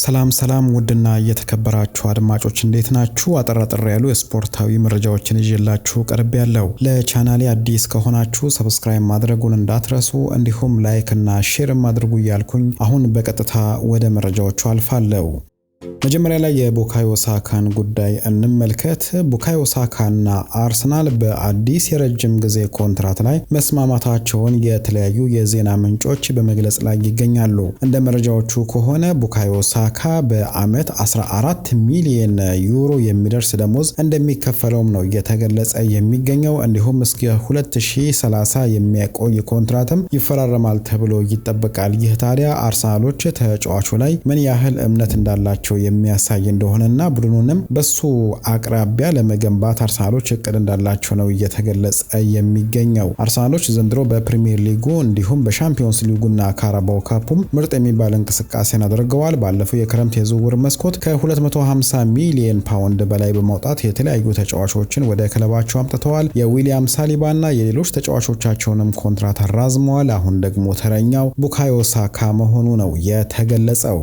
ሰላም ሰላም ውድና እየተከበራችሁ አድማጮች እንዴት ናችሁ? አጠራጠር ያሉ የስፖርታዊ መረጃዎችን ይዤላችሁ ቀርብ ያለው። ለቻናሌ አዲስ ከሆናችሁ ሰብስክራይብ ማድረጉን እንዳትረሱ እንዲሁም ላይክ እና ሼርም አድርጉ እያልኩኝ አሁን በቀጥታ ወደ መረጃዎቹ አልፋለሁ። መጀመሪያ ላይ የቡካዮ ሳካን ጉዳይ እንመልከት። ቡካዮ ሳካና አርሰናል በአዲስ የረጅም ጊዜ ኮንትራት ላይ መስማማታቸውን የተለያዩ የዜና ምንጮች በመግለጽ ላይ ይገኛሉ። እንደ መረጃዎቹ ከሆነ ቡካዮ ሳካ በዓመት 14 ሚሊዮን ዩሮ የሚደርስ ደሞዝ እንደሚከፈለውም ነው እየተገለጸ የሚገኘው። እንዲሁም እስከ 2030 የሚያቆይ ኮንትራትም ይፈራረማል ተብሎ ይጠበቃል። ይህ ታዲያ አርሰናሎች ተጫዋቹ ላይ ምን ያህል እምነት እንዳላቸው እንዳላቸው የሚያሳይ እንደሆነና ቡድኑንም በሱ አቅራቢያ ለመገንባት አርሰናሎች እቅድ እንዳላቸው ነው እየተገለጸ የሚገኘው። አርሰናሎች ዘንድሮ በፕሪሚየር ሊጉ እንዲሁም በሻምፒዮንስ ሊጉና ካራባው ካፑም ምርጥ የሚባል እንቅስቃሴን አድርገዋል። ባለፈው የክረምት የዝውውር መስኮት ከ250 ሚሊየን ፓውንድ በላይ በማውጣት የተለያዩ ተጫዋቾችን ወደ ክለባቸው አምጥተዋል። የዊሊያም ሳሊባና የሌሎች ተጫዋቾቻቸውንም ኮንትራት አራዝመዋል። አሁን ደግሞ ተረኛው ቡካዮ ሳካ መሆኑ ነው የተገለጸው።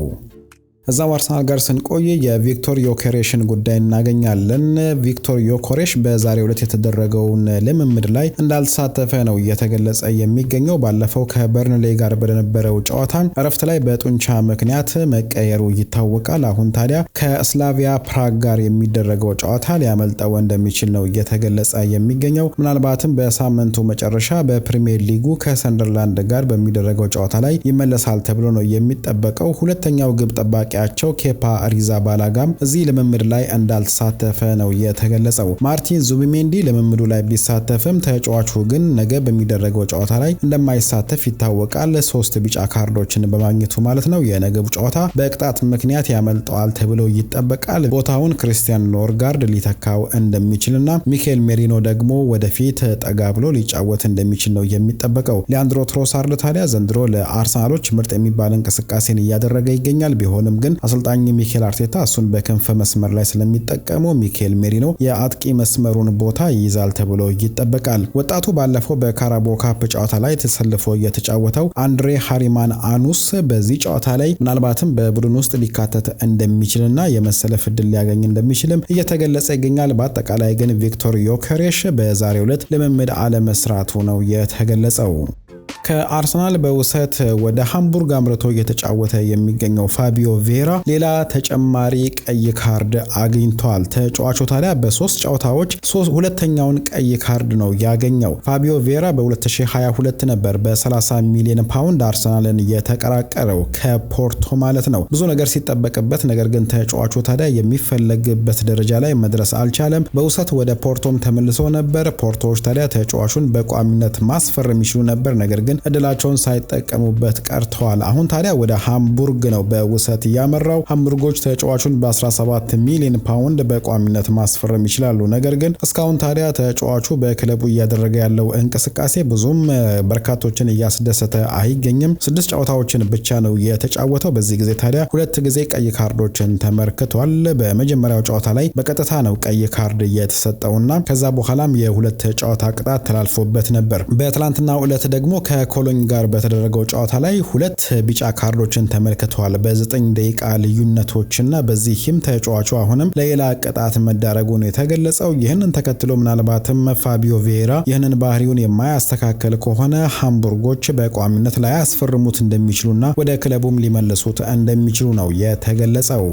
እዛው አርሰናል ጋር ስንቆይ የቪክቶር ዮኬሬሽን ጉዳይ እናገኛለን። ቪክቶር ዮኮሬሽ በዛሬ ዕለት የተደረገውን ልምምድ ላይ እንዳልተሳተፈ ነው እየተገለጸ የሚገኘው። ባለፈው ከበርንሌ ጋር በነበረው ጨዋታ እረፍት ላይ በጡንቻ ምክንያት መቀየሩ ይታወቃል። አሁን ታዲያ ከስላቪያ ፕራግ ጋር የሚደረገው ጨዋታ ሊያመልጠው እንደሚችል ነው እየተገለጸ የሚገኘው። ምናልባትም በሳምንቱ መጨረሻ በፕሪሚየር ሊጉ ከሰንደርላንድ ጋር በሚደረገው ጨዋታ ላይ ይመለሳል ተብሎ ነው የሚጠበቀው። ሁለተኛው ግብ ጠባቂ አጥቂያቸው ኬፓ ሪዛ ባላጋም እዚህ ልምምድ ላይ እንዳልተሳተፈ ነው የተገለጸው። ማርቲን ዙቢሜንዲ ልምምዱ ላይ ቢሳተፍም ተጫዋቹ ግን ነገ በሚደረገው ጨዋታ ላይ እንደማይሳተፍ ይታወቃል። ሶስት ቢጫ ካርዶችን በማግኘቱ ማለት ነው። የነገቡ ጨዋታ በቅጣት ምክንያት ያመልጠዋል ተብሎ ይጠበቃል። ቦታውን ክሪስቲያን ኖርጋርድ ሊተካው እንደሚችልና ሚኬል ሜሪኖ ደግሞ ወደፊት ጠጋ ብሎ ሊጫወት እንደሚችል ነው የሚጠበቀው። ሊያንድሮ ትሮሳርድ ታዲያ ዘንድሮ ለአርሰናሎች ምርጥ የሚባል እንቅስቃሴን እያደረገ ይገኛል። ቢሆንም ግን ግን አሰልጣኝ ሚኬል አርቴታ እሱን በክንፍ መስመር ላይ ስለሚጠቀመው ሚኬል ሜሪኖ የአጥቂ መስመሩን ቦታ ይይዛል ተብሎ ይጠበቃል። ወጣቱ ባለፈው በካራቦ ካፕ ጨዋታ ላይ ተሰልፎ የተጫወተው አንድሬ ሃሪማን አኑስ በዚህ ጨዋታ ላይ ምናልባትም በቡድን ውስጥ ሊካተት እንደሚችልና የመሰለፍ እድል ሊያገኝ እንደሚችልም እየተገለጸ ይገኛል። በአጠቃላይ ግን ቪክቶር ዮከሬሽ በዛሬው ዕለት ልምምድ አለመስራቱ ነው የተገለጸው። ከአርሰናል በውሰት ወደ ሃምቡርግ አምርቶ እየተጫወተ የሚገኘው ፋቢዮ ቬራ ሌላ ተጨማሪ ቀይ ካርድ አግኝተዋል። ተጫዋቹ ታዲያ በሶስት ጨዋታዎች ሁለተኛውን ቀይ ካርድ ነው ያገኘው። ፋቢዮ ቬራ በ2022 ነበር በ30 ሚሊዮን ፓውንድ አርሰናልን የተቀራቀረው ከፖርቶ ማለት ነው። ብዙ ነገር ሲጠበቅበት፣ ነገር ግን ተጫዋቹ ታዲያ የሚፈለግበት ደረጃ ላይ መድረስ አልቻለም። በውሰት ወደ ፖርቶም ተመልሶ ነበር። ፖርቶዎች ታዲያ ተጫዋቹን በቋሚነት ማስፈር የሚችሉ ነበር ነገር ነገር ግን እድላቸውን ሳይጠቀሙበት ቀርተዋል። አሁን ታዲያ ወደ ሃምቡርግ ነው በውሰት እያመራው ሃምቡርጎች ተጫዋቹን በ17 ሚሊዮን ፓውንድ በቋሚነት ማስፈረም ይችላሉ። ነገር ግን እስካሁን ታዲያ ተጫዋቹ በክለቡ እያደረገ ያለው እንቅስቃሴ ብዙም በርካቶችን እያስደሰተ አይገኝም። ስድስት ጨዋታዎችን ብቻ ነው የተጫወተው። በዚህ ጊዜ ታዲያ ሁለት ጊዜ ቀይ ካርዶችን ተመልክቷል። በመጀመሪያው ጨዋታ ላይ በቀጥታ ነው ቀይ ካርድ የተሰጠውና ከዛ በኋላም የሁለት ጨዋታ ቅጣት ተላልፎበት ነበር። በትላንትናው ዕለት ደግሞ ከኮሎኝ ጋር በተደረገው ጨዋታ ላይ ሁለት ቢጫ ካርዶችን ተመልክተዋል። በዘጠኝ ደቂቃ ልዩነቶችና በዚህም ተጫዋቹ አሁንም ለሌላ ቅጣት መዳረጉ ነው የተገለጸው። ይህንን ተከትሎ ምናልባትም ፋቢዮ ቬራ ይህንን ባህሪውን የማያስተካከል ከሆነ ሃምቡርጎች በቋሚነት ላይ ያስፈርሙት እንደሚችሉና ወደ ክለቡም ሊመልሱት እንደሚችሉ ነው የተገለጸው።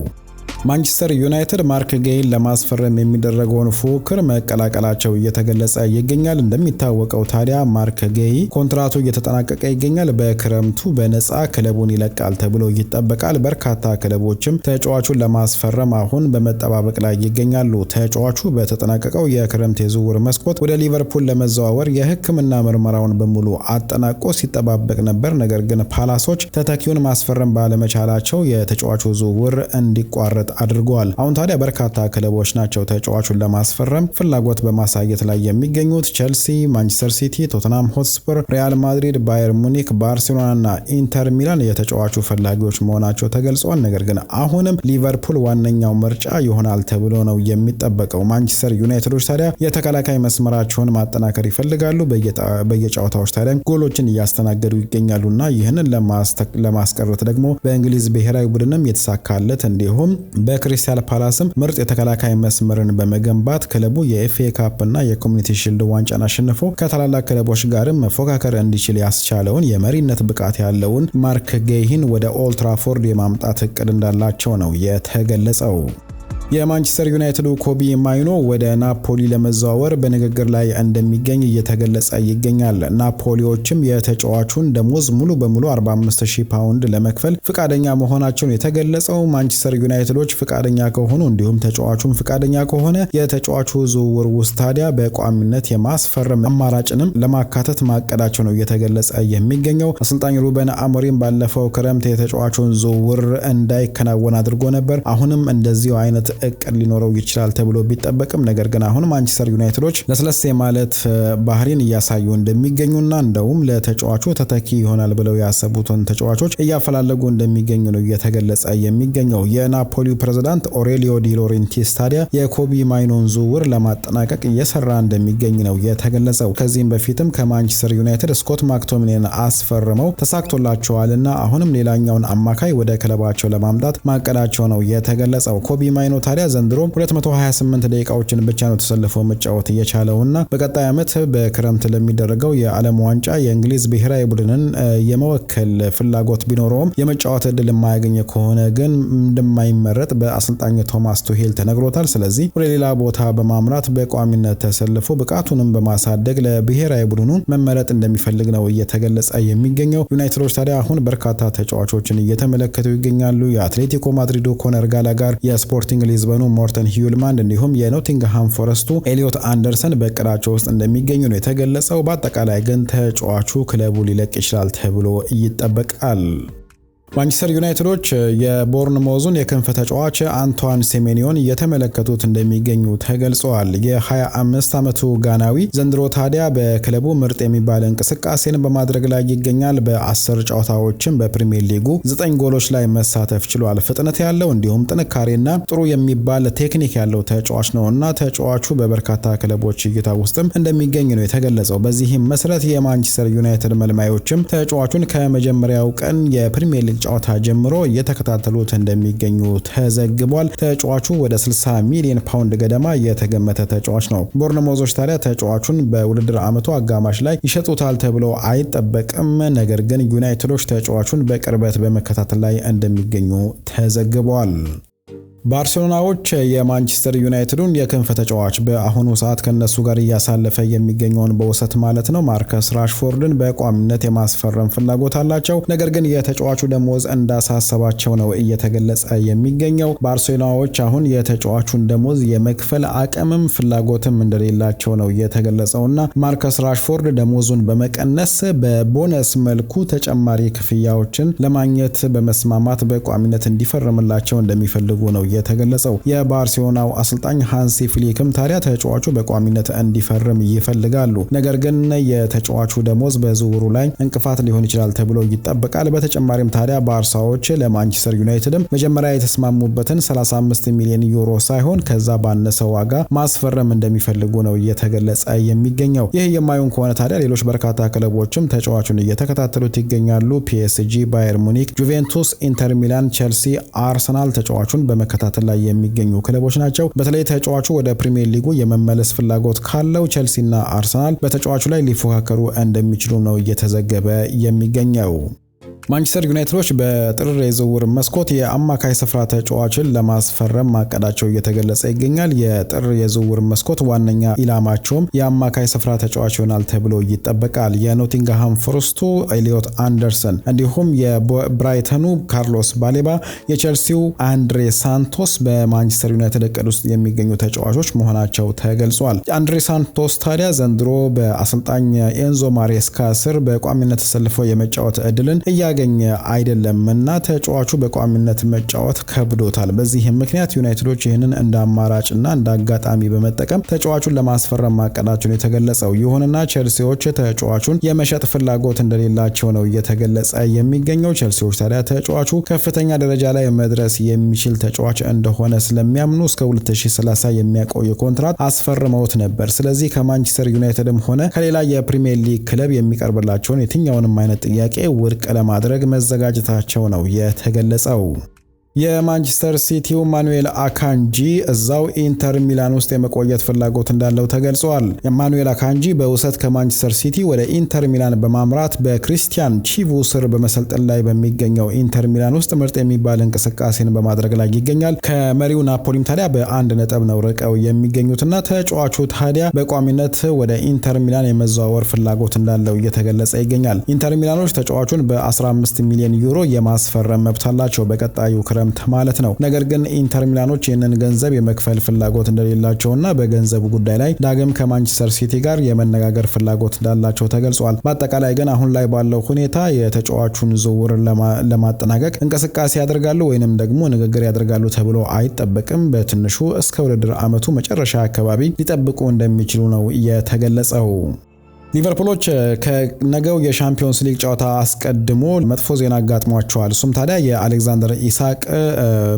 ማንቸስተር ዩናይትድ ማርክ ጌይን ለማስፈረም የሚደረገውን ፉክክር መቀላቀላቸው እየተገለጸ ይገኛል። እንደሚታወቀው ታዲያ ማርክ ጌይ ኮንትራቱ እየተጠናቀቀ ይገኛል። በክረምቱ በነፃ ክለቡን ይለቃል ተብሎ ይጠበቃል። በርካታ ክለቦችም ተጫዋቹን ለማስፈረም አሁን በመጠባበቅ ላይ ይገኛሉ። ተጫዋቹ በተጠናቀቀው የክረምት የዝውውር መስኮት ወደ ሊቨርፑል ለመዘዋወር የሕክምና ምርመራውን በሙሉ አጠናቆ ሲጠባበቅ ነበር። ነገር ግን ፓላሶች ተተኪውን ማስፈረም ባለመቻላቸው የተጫዋቹ ዝውውር እንዲቋረጥ አድርጓል። አሁን ታዲያ በርካታ ክለቦች ናቸው ተጫዋቹን ለማስፈረም ፍላጎት በማሳየት ላይ የሚገኙት ቸልሲ፣ ማንቸስተር ሲቲ፣ ቶትናም ሆትስፐር፣ ሪያል ማድሪድ፣ ባየር ሙኒክ፣ ባርሴሎና እና ኢንተር ሚላን የተጫዋቹ ፈላጊዎች መሆናቸው ተገልጿል። ነገር ግን አሁንም ሊቨርፑል ዋነኛው ምርጫ ይሆናል ተብሎ ነው የሚጠበቀው። ማንቸስተር ዩናይትዶች ታዲያ የተከላካይ መስመራቸውን ማጠናከር ይፈልጋሉ። በየጨዋታዎች ታዲያ ጎሎችን እያስተናገዱ ይገኛሉና ይህንን ለማስቀረት ደግሞ በእንግሊዝ ብሔራዊ ቡድንም የተሳካለት እንዲሁም በክሪስታል ፓላስም ምርጥ የተከላካይ መስመርን በመገንባት ክለቡ የኤፍኤ ካፕና የኮሚኒቲ ሽልድ ዋንጫን አሸንፎ ከታላላቅ ክለቦች ጋርም መፎካከር እንዲችል ያስቻለውን የመሪነት ብቃት ያለውን ማርክ ጌይሂን ወደ ኦልትራፎርድ የማምጣት እቅድ እንዳላቸው ነው የተገለጸው። የማንቸስተር ዩናይትዱ ኮቢ ማይኖ ወደ ናፖሊ ለመዘዋወር በንግግር ላይ እንደሚገኝ እየተገለጸ ይገኛል። ናፖሊዎችም የተጫዋቹን ደሞዝ ሙሉ በሙሉ 45000 ፓውንድ ለመክፈል ፍቃደኛ መሆናቸውን የተገለጸው ማንቸስተር ዩናይትዶች ፍቃደኛ ከሆኑ እንዲሁም ተጫዋቹም ፍቃደኛ ከሆነ የተጫዋቹ ዝውውር ውስጥ ታዲያ በቋሚነት የማስፈረም አማራጭንም ለማካተት ማቀዳቸው ነው እየተገለጸ የሚገኘው። አሰልጣኝ ሩበን አሞሪም ባለፈው ክረምት የተጫዋቹን ዝውውር እንዳይከናወን አድርጎ ነበር። አሁንም እንደዚሁ አይነት እቅድ ሊኖረው ይችላል ተብሎ ቢጠበቅም ነገር ግን አሁን ማንቸስተር ዩናይትዶች ለስለሴ ማለት ባህሪን እያሳዩ እንደሚገኙና እንደውም ለተጫዋቹ ተተኪ ይሆናል ብለው ያሰቡትን ተጫዋቾች እያፈላለጉ እንደሚገኙ ነው እየተገለጸ የሚገኘው። የናፖሊው ፕሬዝዳንት ኦሬሊዮ ዲ ታዲያ የኮቢ ማይኖን ዝውውር ለማጠናቀቅ እየሰራ እንደሚገኝ ነው የተገለጸው። ከዚህም በፊትም ከማንቸስተር ዩናይትድ ስኮት ማክቶሚኔን አስፈርመው ተሳክቶላቸዋልና አሁንም ሌላኛውን አማካይ ወደ ክለባቸው ለማምጣት ማቀዳቸው ነው የተገለጸው። ኮቢ ማይኖ ታዲያ ዘንድሮ 228 ደቂቃዎችን ብቻ ነው ተሰልፎ መጫወት እየቻለውና በቀጣይ ዓመት በክረምት ለሚደረገው የዓለም ዋንጫ የእንግሊዝ ብሔራዊ ቡድንን የመወከል ፍላጎት ቢኖረውም የመጫወት እድል የማያገኘ ከሆነ ግን እንደማይመረጥ በአሰልጣኝ ቶማስ ቱሄል ተነግሮታል። ስለዚህ ወደ ሌላ ቦታ በማምራት በቋሚነት ተሰልፎ ብቃቱንም በማሳደግ ለብሔራዊ ቡድኑ መመረጥ እንደሚፈልግ ነው እየተገለጸ የሚገኘው። ዩናይትዶች ታዲያ አሁን በርካታ ተጫዋቾችን እየተመለከቱ ይገኛሉ። የአትሌቲኮ ማድሪዱ ኮነር ጋላጋር፣ የስፖርቲንግ የብሪዝበኑ ሞርተን ሂዩልማንድ እንዲሁም የኖቲንግሃም ፎረስቱ ኤሊዮት አንደርሰን በእቅዳቸው ውስጥ እንደሚገኙ ነው የተገለጸው። በአጠቃላይ ግን ተጫዋቹ ክለቡ ሊለቅ ይችላል ተብሎ ይጠበቃል። ማንቸስተር ዩናይትዶች የቦርንሞዙን የክንፍ ተጫዋች አንቷን ሴሜኒዮን እየተመለከቱት እንደሚገኙ ተገልጸዋል። የ25 ዓመቱ ጋናዊ ዘንድሮ ታዲያ በክለቡ ምርጥ የሚባል እንቅስቃሴን በማድረግ ላይ ይገኛል በአስር በ10 ጨዋታዎችም በፕሪሚየር ሊጉ ዘጠኝ ጎሎች ላይ መሳተፍ ችሏል። ፍጥነት ያለው እንዲሁም ጥንካሬና ጥሩ የሚባል ቴክኒክ ያለው ተጫዋች ነው እና ተጫዋቹ በበርካታ ክለቦች እይታ ውስጥም እንደሚገኝ ነው የተገለጸው። በዚህም መሰረት የማንቸስተር ዩናይትድ መልማዮችም ተጫዋቹን ከመጀመሪያው ቀን የፕሪሚየር ሊግ ጨዋታ ጀምሮ እየተከታተሉት እንደሚገኙ ተዘግቧል። ተጫዋቹ ወደ 60 ሚሊዮን ፓውንድ ገደማ የተገመተ ተጫዋች ነው። ቦርነሞዞች ታዲያ ተጫዋቹን በውድድር ዓመቱ አጋማሽ ላይ ይሸጡታል ተብሎ አይጠበቅም። ነገር ግን ዩናይትዶች ተጫዋቹን በቅርበት በመከታተል ላይ እንደሚገኙ ተዘግቧል። ባርሴሎናዎች የማንቸስተር ዩናይትዱን የክንፍ ተጫዋች በአሁኑ ሰዓት ከነሱ ጋር እያሳለፈ የሚገኘውን በውሰት ማለት ነው ማርከስ ራሽፎርድን በቋሚነት የማስፈረም ፍላጎት አላቸው። ነገር ግን የተጫዋቹ ደሞዝ እንዳሳሰባቸው ነው እየተገለጸ የሚገኘው። ባርሴሎናዎች አሁን የተጫዋቹን ደሞዝ የመክፈል አቅምም ፍላጎትም እንደሌላቸው ነው እና ማርከስ ራሽፎርድ ደሞዙን በመቀነስ በቦነስ መልኩ ተጨማሪ ክፍያዎችን ለማግኘት በመስማማት በቋሚነት እንዲፈርምላቸው እንደሚፈልጉ ነው የተገለጸው። የባርሴሎናው አሰልጣኝ ሃንሲ ፍሊክም ታዲያ ተጫዋቹ በቋሚነት እንዲፈርም ይፈልጋሉ። ነገር ግን የተጫዋቹ ደሞዝ በዝውውሩ ላይ እንቅፋት ሊሆን ይችላል ተብሎ ይጠበቃል። በተጨማሪም ታዲያ ባርሳዎች ለማንቸስተር ዩናይትድም መጀመሪያ የተስማሙበትን 35 ሚሊዮን ዩሮ ሳይሆን ከዛ ባነሰ ዋጋ ማስፈረም እንደሚፈልጉ ነው እየተገለጸ የሚገኘው። ይህ የማይሆን ከሆነ ታዲያ ሌሎች በርካታ ክለቦችም ተጫዋቹን እየተከታተሉት ይገኛሉ። ፒኤስጂ፣ ባየር ሙኒክ፣ ጁቬንቱስ፣ ኢንተር ሚላን፣ ቼልሲ፣ አርሰናል ተጫዋቹን በመከ በመከታተል ላይ የሚገኙ ክለቦች ናቸው። በተለይ ተጫዋቹ ወደ ፕሪሚየር ሊጉ የመመለስ ፍላጎት ካለው ቸልሲና አርሰናል በተጫዋቹ ላይ ሊፎካከሩ እንደሚችሉ ነው እየተዘገበ የሚገኘው። ማንቸስተር ዩናይትዶች በጥር የዝውውር መስኮት የአማካይ ስፍራ ተጫዋችን ለማስፈረም ማቀዳቸው እየተገለጸ ይገኛል። የጥር የዝውውር መስኮት ዋነኛ ኢላማቸውም የአማካይ ስፍራ ተጫዋች ይሆናል ተብሎ ይጠበቃል። የኖቲንግሃም ፎረስቱ ኤሊዮት አንደርሰን፣ እንዲሁም የብራይተኑ ካርሎስ ባሌባ፣ የቼልሲው አንድሬ ሳንቶስ በማንቸስተር ዩናይትድ እቅድ ውስጥ የሚገኙ ተጫዋቾች መሆናቸው ተገልጿል። አንድሬ ሳንቶስ ታዲያ ዘንድሮ በአሰልጣኝ ኤንዞ ማሬስካ ስር በቋሚነት ተሰልፈው የመጫወት እድልን እያ እያገኘ አይደለም እና ተጫዋቹ በቋሚነት መጫወት ከብዶታል። በዚህም ምክንያት ዩናይትዶች ይህንን እንደ አማራጭና እንደ አጋጣሚ በመጠቀም ተጫዋቹን ለማስፈረም ማቀዳቸውን የተገለጸው። ይሁንና ቸልሲዎች ተጫዋቹን የመሸጥ ፍላጎት እንደሌላቸው ነው እየተገለጸ የሚገኘው። ቸልሲዎች ታዲያ ተጫዋቹ ከፍተኛ ደረጃ ላይ መድረስ የሚችል ተጫዋች እንደሆነ ስለሚያምኑ እስከ 2030 የሚያቆይ ኮንትራት አስፈርመውት ነበር። ስለዚህ ከማንቸስተር ዩናይትድም ሆነ ከሌላ የፕሪሚየር ሊግ ክለብ የሚቀርብላቸውን የትኛውንም አይነት ጥያቄ ውድቅ ለማድረግ ለማድረግ መዘጋጀታቸው ነው የተገለጸው። የማንቸስተር ሲቲው ማኑኤል አካንጂ እዛው ኢንተር ሚላን ውስጥ የመቆየት ፍላጎት እንዳለው ተገልጿል። የማኑኤል አካንጂ በውሰት ከማንቸስተር ሲቲ ወደ ኢንተር ሚላን በማምራት በክሪስቲያን ቺቩ ስር በመሰልጠን ላይ በሚገኘው ኢንተር ሚላን ውስጥ ምርጥ የሚባል እንቅስቃሴን በማድረግ ላይ ይገኛል። ከመሪው ናፖሊም ታዲያ በአንድ ነጥብ ነው ርቀው የሚገኙትና ተጫዋቹ ታዲያ በቋሚነት ወደ ኢንተር ሚላን የመዘዋወር ፍላጎት እንዳለው እየተገለጸ ይገኛል። ኢንተር ሚላኖች ተጫዋቹን በ15 ሚሊዮን ዩሮ የማስፈረም መብት አላቸው። በቀጣዩ ክረ ክረምት ማለት ነው። ነገር ግን ኢንተር ሚላኖች ይህንን ገንዘብ የመክፈል ፍላጎት እንደሌላቸውና በገንዘቡ ጉዳይ ላይ ዳግም ከማንቸስተር ሲቲ ጋር የመነጋገር ፍላጎት እንዳላቸው ተገልጿል። በአጠቃላይ ግን አሁን ላይ ባለው ሁኔታ የተጫዋቹን ዝውውር ለማጠናቀቅ እንቅስቃሴ ያደርጋሉ ወይንም ደግሞ ንግግር ያደርጋሉ ተብሎ አይጠበቅም። በትንሹ እስከ ውድድር ዓመቱ መጨረሻ አካባቢ ሊጠብቁ እንደሚችሉ ነው የተገለጸው። ሊቨርፑሎች ከነገው የሻምፒዮንስ ሊግ ጨዋታ አስቀድሞ መጥፎ ዜና አጋጥሟቸዋል። እሱም ታዲያ የአሌክዛንደር ኢሳቅ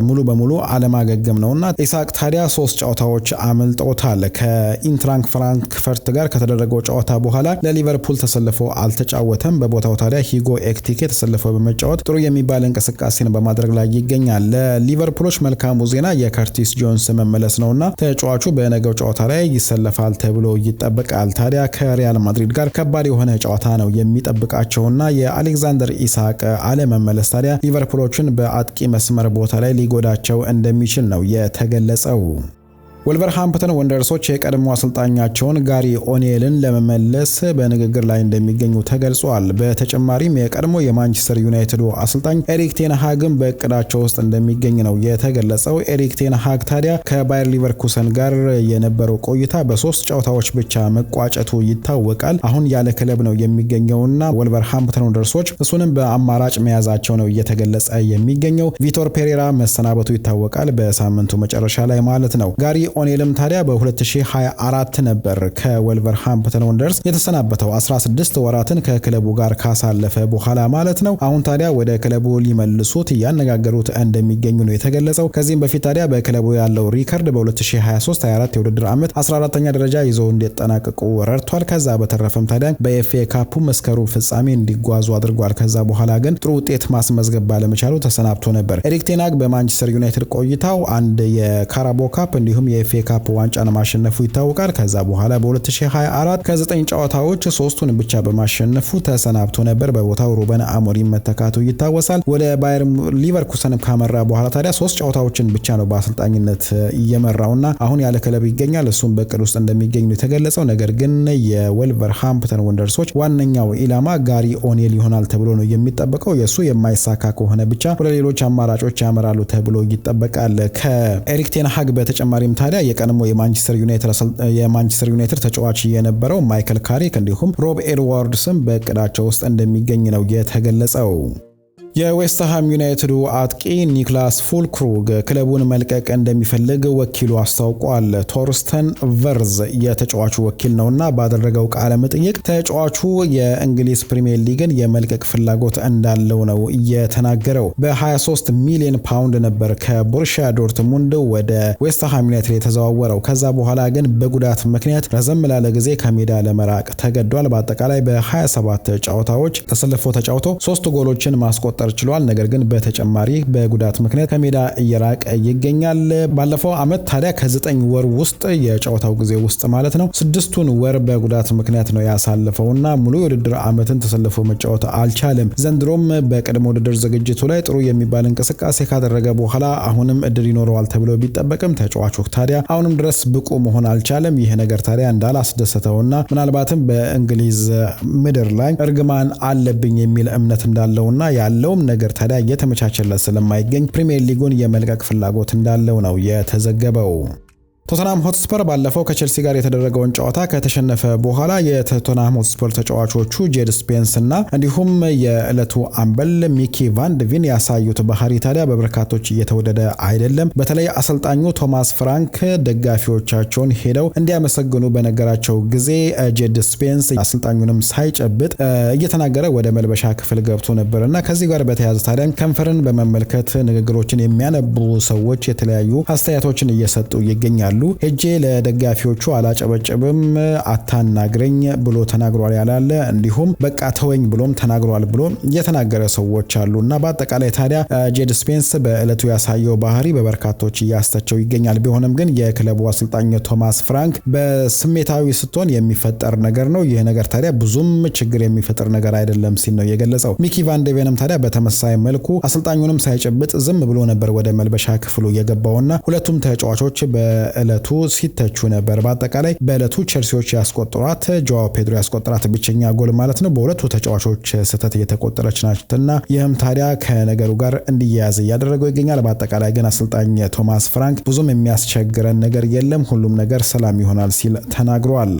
ሙሉ በሙሉ አለማገገም ነውና ኢሳቅ ታዲያ ሶስት ጨዋታዎች አመልጦታል። ከኢንትራንክ ፍራንክፈርት ጋር ከተደረገው ጨዋታ በኋላ ለሊቨርፑል ተሰልፎ አልተጫወተም። በቦታው ታዲያ ሂጎ ኤክቲኬ ተሰልፎ በመጫወት ጥሩ የሚባል እንቅስቃሴን በማድረግ ላይ ይገኛል። ለሊቨርፑሎች መልካሙ ዜና የከርቲስ ጆንስ መመለስ ነውና ተጫዋቹ በነገው ጨዋታ ላይ ይሰለፋል ተብሎ ይጠበቃል። ታዲያ ከሪያል ማድሪድ ማድሪድ ጋር ከባድ የሆነ ጨዋታ ነው የሚጠብቃቸውና የአሌክዛንደር ኢሳቅ አለመመለስ ታዲያ ሊቨርፑሎችን በአጥቂ መስመር ቦታ ላይ ሊጎዳቸው እንደሚችል ነው የተገለጸው። ወልቨርሃምፕተን ወንደርሶች የቀድሞ አሰልጣኛቸውን ጋሪ ኦኔልን ለመመለስ በንግግር ላይ እንደሚገኙ ተገልጿል። በተጨማሪም የቀድሞ የማንቸስተር ዩናይትዱ አሰልጣኝ ኤሪክ ቴንሃግን በእቅዳቸው ውስጥ እንደሚገኝ ነው የተገለጸው። ኤሪክ ቴንሃግ ታዲያ ከባየር ሊቨርኩሰን ጋር የነበረው ቆይታ በሶስት ጨዋታዎች ብቻ መቋጨቱ ይታወቃል። አሁን ያለ ክለብ ነው የሚገኘውና ወልቨርሃምፕተን ወንደርሶች እሱንም በአማራጭ መያዛቸው ነው እየተገለጸ የሚገኘው። ቪቶር ፔሬራ መሰናበቱ ይታወቃል፣ በሳምንቱ መጨረሻ ላይ ማለት ነው ጋሪ ኦኔልም ታዲያ በ2024 ነበር ከወልቨርሃምፕተን ወንደርስ የተሰናበተው 16 ወራትን ከክለቡ ጋር ካሳለፈ በኋላ ማለት ነው። አሁን ታዲያ ወደ ክለቡ ሊመልሱት እያነጋገሩት እንደሚገኙ ነው የተገለጸው። ከዚህም በፊት ታዲያ በክለቡ ያለው ሪከርድ በ2023/24 የውድድር ዓመት 14ኛ ደረጃ ይዞ እንዲጠናቀቁ ረድቷል። ከዛ በተረፈም ታዲያ በኤፍኤ ካፑ መስከሩ ፍጻሜ እንዲጓዙ አድርጓል። ከዛ በኋላ ግን ጥሩ ውጤት ማስመዝገብ ባለመቻሉ ተሰናብቶ ነበር። ኤሪክ ቴናግ በማንቸስተር ዩናይትድ ቆይታው አንድ የካራቦ ካፕ እንዲሁም የኤፍኤ ካፕ ዋንጫን ማሸነፉ ይታወቃል። ከዛ በኋላ በ2024 ከ9 ጨዋታዎች ሶስቱን ብቻ በማሸነፉ ተሰናብቶ ነበር። በቦታው ሩበን አሞሪ መተካቱ ይታወሳል። ወደ ባየር ሊቨርኩሰን ካመራ በኋላ ታዲያ ሶስት ጨዋታዎችን ብቻ ነው በአሰልጣኝነት እየመራውና አሁን ያለ ክለብ ይገኛል። እሱም በቅድ ውስጥ እንደሚገኝ ነው የተገለጸው። ነገር ግን ሃምፕተን ወንደርሶች ዋነኛው ኢላማ ጋሪ ኦኔል ይሆናል ተብሎ ነው የሚጠበቀው። የእሱ የማይሳካ ከሆነ ብቻ ወደ ሌሎች አማራጮች ያመራሉ ተብሎ ይጠበቃል። ከኤሪክ ቴን በተጨማሪም ታ ታዲያ የቀድሞ የማንቸስተር ዩናይትድ ተጫዋች የነበረው ማይክል ካሪክ እንዲሁም ሮብ ኤድዋርድስም በእቅዳቸው ውስጥ እንደሚገኝ ነው የተገለጸው። የዌስትሃም ዩናይትዱ አጥቂ ኒክላስ ፉልክሩግ ክለቡን መልቀቅ እንደሚፈልግ ወኪሉ አስታውቋል። ቶርስተን ቨርዝ የተጫዋቹ ወኪል ነውና ባደረገው ቃለ መጠይቅ ተጫዋቹ የእንግሊዝ ፕሪምየር ሊግን የመልቀቅ ፍላጎት እንዳለው ነው የተናገረው። በ23 ሚሊዮን ፓውንድ ነበር ከቦርሻ ዶርትሙንድ ወደ ዌስትሃም ዩናይትድ የተዘዋወረው። ከዛ በኋላ ግን በጉዳት ምክንያት ረዘም ላለ ጊዜ ከሜዳ ለመራቅ ተገዷል። በአጠቃላይ በ27 ጨዋታዎች ተሰልፎ ተጫውቶ ሶስት ጎሎችን ማስቆጠር መፍጠር ችሏል። ነገር ግን በተጨማሪ በጉዳት ምክንያት ከሜዳ እየራቀ ይገኛል። ባለፈው ዓመት ታዲያ ከዘጠኝ ወር ውስጥ የጨዋታው ጊዜ ውስጥ ማለት ነው ስድስቱን ወር በጉዳት ምክንያት ነው ያሳለፈውና ሙሉ የውድድር ዓመትን ተሰልፎ መጫወት አልቻለም። ዘንድሮም በቅድመ ውድድር ዝግጅቱ ላይ ጥሩ የሚባል እንቅስቃሴ ካደረገ በኋላ አሁንም እድል ይኖረዋል ተብሎ ቢጠበቅም ተጫዋቹ ታዲያ አሁንም ድረስ ብቁ መሆን አልቻለም። ይህ ነገር ታዲያ እንዳላስደሰተውና ምናልባትም በእንግሊዝ ምድር ላይ እርግማን አለብኝ የሚል እምነት እንዳለውና ያለው ለሁሉም ነገር ታዲያ እየተመቻቸለት ስለማይገኝ ፕሪምየር ሊጉን የመልቀቅ ፍላጎት እንዳለው ነው የተዘገበው። ቶተናም ሆትስፐር ባለፈው ከቼልሲ ጋር የተደረገውን ጨዋታ ከተሸነፈ በኋላ የቶተናም ሆትስፐር ተጫዋቾቹ ጄድ ስፔንስ እና እንዲሁም የዕለቱ አምበል ሚኪ ቪን ያሳዩት ባህሪ ታዲያ በበርካቶች እየተወደደ አይደለም። በተለይ አሰልጣኙ ቶማስ ፍራንክ ደጋፊዎቻቸውን ሄደው እንዲያመሰግኑ በነገራቸው ጊዜ ጄድ ስፔንስ አሰልጣኙንም ሳይጨብጥ እየተናገረ ወደ መልበሻ ክፍል ገብቶ ነበር እና ከዚህ ጋር በተያያዘ ታዲያ ከንፈርን በመመልከት ንግግሮችን የሚያነቡ ሰዎች የተለያዩ አስተያየቶችን እየሰጡ ይገኛሉ። ይገኛሉ። ሄጄ ለደጋፊዎቹ አላጨበጭብም አታናግረኝ ብሎ ተናግሯል ያላለ እንዲሁም በቃ ተወኝ ብሎም ተናግሯል ብሎ የተናገረ ሰዎች አሉ እና በአጠቃላይ ታዲያ ጄድ ስፔንስ በእለቱ ያሳየው ባህሪ በበርካቶች እያስተቸው ይገኛል። ቢሆንም ግን የክለቡ አሰልጣኝ ቶማስ ፍራንክ በስሜታዊ ስትሆን የሚፈጠር ነገር ነው፣ ይህ ነገር ታዲያ ብዙም ችግር የሚፈጥር ነገር አይደለም ሲል ነው የገለጸው። ሚኪ ቫንደቬንም ታዲያ በተመሳሳይ መልኩ አሰልጣኙንም ሳይጨብጥ ዝም ብሎ ነበር ወደ መልበሻ ክፍሉ የገባውና ሁለቱም ተጫዋቾች በ በዕለቱ ሲተቹ ነበር። በአጠቃላይ በእለቱ ቸልሲዎች ያስቆጥሯት ጆዋ ፔድሮ ያስቆጥራት ብቸኛ ጎል ማለት ነው በሁለቱ ተጫዋቾች ስህተት እየተቆጠረች ናትና ይህም ታዲያ ከነገሩ ጋር እንዲያያዝ እያደረገው ይገኛል። በአጠቃላይ ግን አሰልጣኝ ቶማስ ፍራንክ ብዙም የሚያስቸግረን ነገር የለም፣ ሁሉም ነገር ሰላም ይሆናል ሲል ተናግሯል።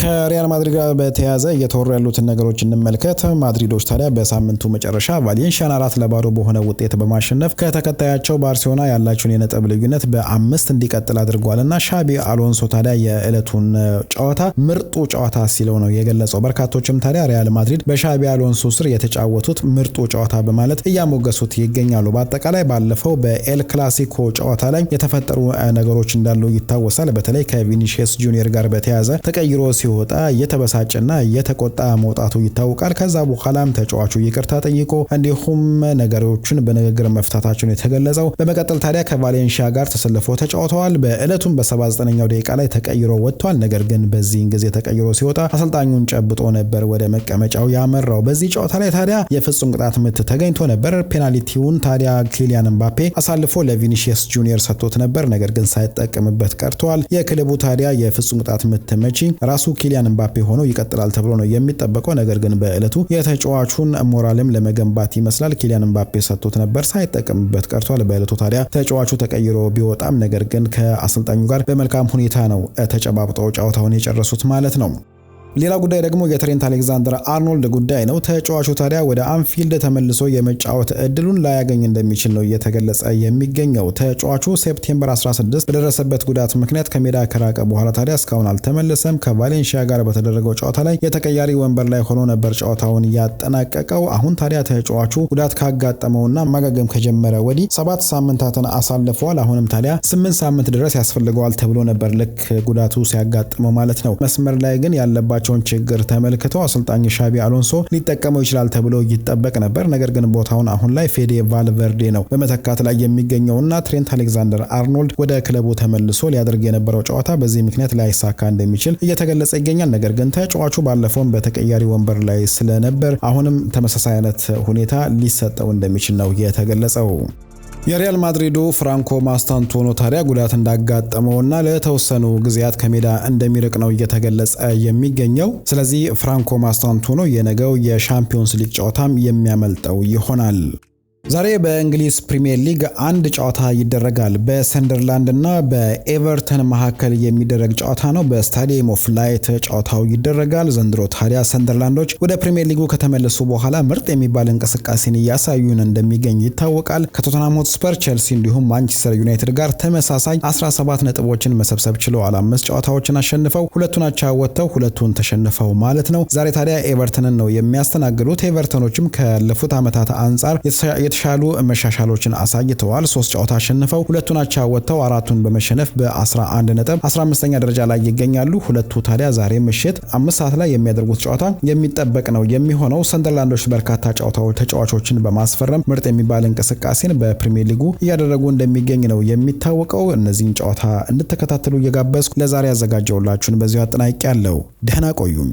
ከሪያል ማድሪድ ጋር በተያያዘ እየተወሩ ያሉትን ነገሮች እንመልከት። ማድሪዶች ታዲያ በሳምንቱ መጨረሻ ቫሌንሺያን አራት ለባዶ በሆነ ውጤት በማሸነፍ ከተከታያቸው ባርሴሎና ያላቸውን የነጥብ ልዩነት በአምስት እንዲቀጥል አድርጓልና ሻቢ አሎንሶ ታዲያ የዕለቱን ጨዋታ ምርጡ ጨዋታ ሲለው ነው የገለጸው። በርካቶችም ታዲያ ሪያል ማድሪድ በሻቢ አሎንሶ ስር የተጫወቱት ምርጡ ጨዋታ በማለት እያሞገሱት ይገኛሉ። በአጠቃላይ ባለፈው በኤል ክላሲኮ ጨዋታ ላይ የተፈጠሩ ነገሮች እንዳሉ ይታወሳል። በተለይ ከቪኒሽስ ጁኒየር ጋር በተያያዘ ተቀይሮ ሲወጣ እየተበሳጨና እየተቆጣ መውጣቱ ይታወቃል። ከዛ በኋላም ተጫዋቹ ይቅርታ ጠይቆ እንዲሁም ነገሮችን በንግግር መፍታታቸውን የተገለጸው። በመቀጠል ታዲያ ከቫሌንሺያ ጋር ተሰልፎ ተጫውተዋል። በእለቱም በ79ኛው ደቂቃ ላይ ተቀይሮ ወጥቷል። ነገር ግን በዚህን ጊዜ ተቀይሮ ሲወጣ አሰልጣኙን ጨብጦ ነበር ወደ መቀመጫው ያመራው። በዚህ ጨዋታ ላይ ታዲያ የፍጹም ቅጣት ምት ተገኝቶ ነበር። ፔናልቲውን ታዲያ ኪሊያን ምባፔ አሳልፎ ለቪኒሺየስ ጁኒየር ሰጥቶት ነበር፣ ነገር ግን ሳይጠቀምበት ቀርተዋል። የክለቡ ታዲያ የፍጹም ቅጣት ምት መቺ ራሱ ራሱ ኪሊያን ምባፔ ሆኖ ይቀጥላል ተብሎ ነው የሚጠበቀው። ነገር ግን በእለቱ የተጫዋቹን ሞራልም ለመገንባት ይመስላል ኪሊያን ምባፔ ሰጥቶት ነበር፣ ሳይጠቀምበት ቀርቷል። በእለቱ ታዲያ ተጫዋቹ ተቀይሮ ቢወጣም ነገር ግን ከአሰልጣኙ ጋር በመልካም ሁኔታ ነው ተጨባብጠው ጨዋታውን የጨረሱት ማለት ነው። ሌላ ጉዳይ ደግሞ የትሬንት አሌክዛንደር አርኖልድ ጉዳይ ነው። ተጫዋቹ ታዲያ ወደ አንፊልድ ተመልሶ የመጫወት እድሉን ላያገኝ እንደሚችል ነው እየተገለጸ የሚገኘው። ተጫዋቹ ሴፕቴምበር 16 በደረሰበት ጉዳት ምክንያት ከሜዳ ከራቀ በኋላ ታዲያ እስካሁን አልተመለሰም። ከቫሌንሺያ ጋር በተደረገው ጨዋታ ላይ የተቀያሪ ወንበር ላይ ሆኖ ነበር ጨዋታውን ያጠናቀቀው። አሁን ታዲያ ተጫዋቹ ጉዳት ካጋጠመውና ማገገም ከጀመረ ወዲህ ሰባት ሳምንታትን አሳልፈዋል። አሁንም ታዲያ ስምንት ሳምንት ድረስ ያስፈልገዋል ተብሎ ነበር ልክ ጉዳቱ ሲያጋጥመው ማለት ነው። መስመር ላይ ግን ያለባቸው ያለባቸውን ችግር ተመልክቶ አሰልጣኝ ሻቢ አሎንሶ ሊጠቀመው ይችላል ተብሎ ይጠበቅ ነበር። ነገር ግን ቦታውን አሁን ላይ ፌዴ ቫልቨርዴ ነው በመተካት ላይ የሚገኘውና ትሬንት አሌክዛንደር አርኖልድ ወደ ክለቡ ተመልሶ ሊያደርግ የነበረው ጨዋታ በዚህ ምክንያት ላይሳካ እንደሚችል እየተገለጸ ይገኛል። ነገር ግን ተጫዋቹ ባለፈውን በተቀያሪ ወንበር ላይ ስለነበር አሁንም ተመሳሳይ አይነት ሁኔታ ሊሰጠው እንደሚችል ነው የተገለጸው። የሪያል ማድሪዱ ፍራንኮ ማስታንቶኖ ታዲያ ጉዳት እንዳጋጠመውና ለተወሰኑ ጊዜያት ከሜዳ እንደሚርቅ ነው እየተገለጸ የሚገኘው። ስለዚህ ፍራንኮ ማስታንቶኖ የነገው የሻምፒዮንስ ሊግ ጨዋታም የሚያመልጠው ይሆናል። ዛሬ በእንግሊዝ ፕሪምየር ሊግ አንድ ጨዋታ ይደረጋል። በሰንደርላንድ እና በኤቨርተን መካከል የሚደረግ ጨዋታ ነው። በስታዲየም ኦፍ ላይት ጨዋታው ይደረጋል። ዘንድሮ ታዲያ ሰንደርላንዶች ወደ ፕሪምየር ሊጉ ከተመለሱ በኋላ ምርጥ የሚባል እንቅስቃሴን እያሳዩን እንደሚገኝ ይታወቃል። ከቶተናም ሆትስፐር፣ ቼልሲ እንዲሁም ማንቸስተር ዩናይትድ ጋር ተመሳሳይ 17 ነጥቦችን መሰብሰብ ችለዋል። አምስት ጨዋታዎችን አሸንፈው ሁለቱን አቻ ወጥተው ሁለቱን ተሸንፈው ማለት ነው። ዛሬ ታዲያ ኤቨርተንን ነው የሚያስተናግዱት። ኤቨርተኖችም ካለፉት ዓመታት አንጻር የተሻሉ መሻሻሎችን አሳይተዋል። ሶስት ጨዋታ አሸንፈው ሁለቱን አቻ ወጥተው አራቱን በመሸነፍ በ11 ነጥብ 15ኛ ደረጃ ላይ ይገኛሉ። ሁለቱ ታዲያ ዛሬ ምሽት አምስት ሰዓት ላይ የሚያደርጉት ጨዋታ የሚጠበቅ ነው የሚሆነው። ሰንደርላንዶች በርካታ ጨዋታዎች ተጫዋቾችን በማስፈረም ምርጥ የሚባል እንቅስቃሴን በፕሪሚየር ሊጉ እያደረጉ እንደሚገኝ ነው የሚታወቀው። እነዚህን ጨዋታ እንድተከታተሉ እየጋበዝኩ ለዛሬ ያዘጋጀውላችሁን በዚሁ አጠናቂ ያለው ደህና ቆዩም።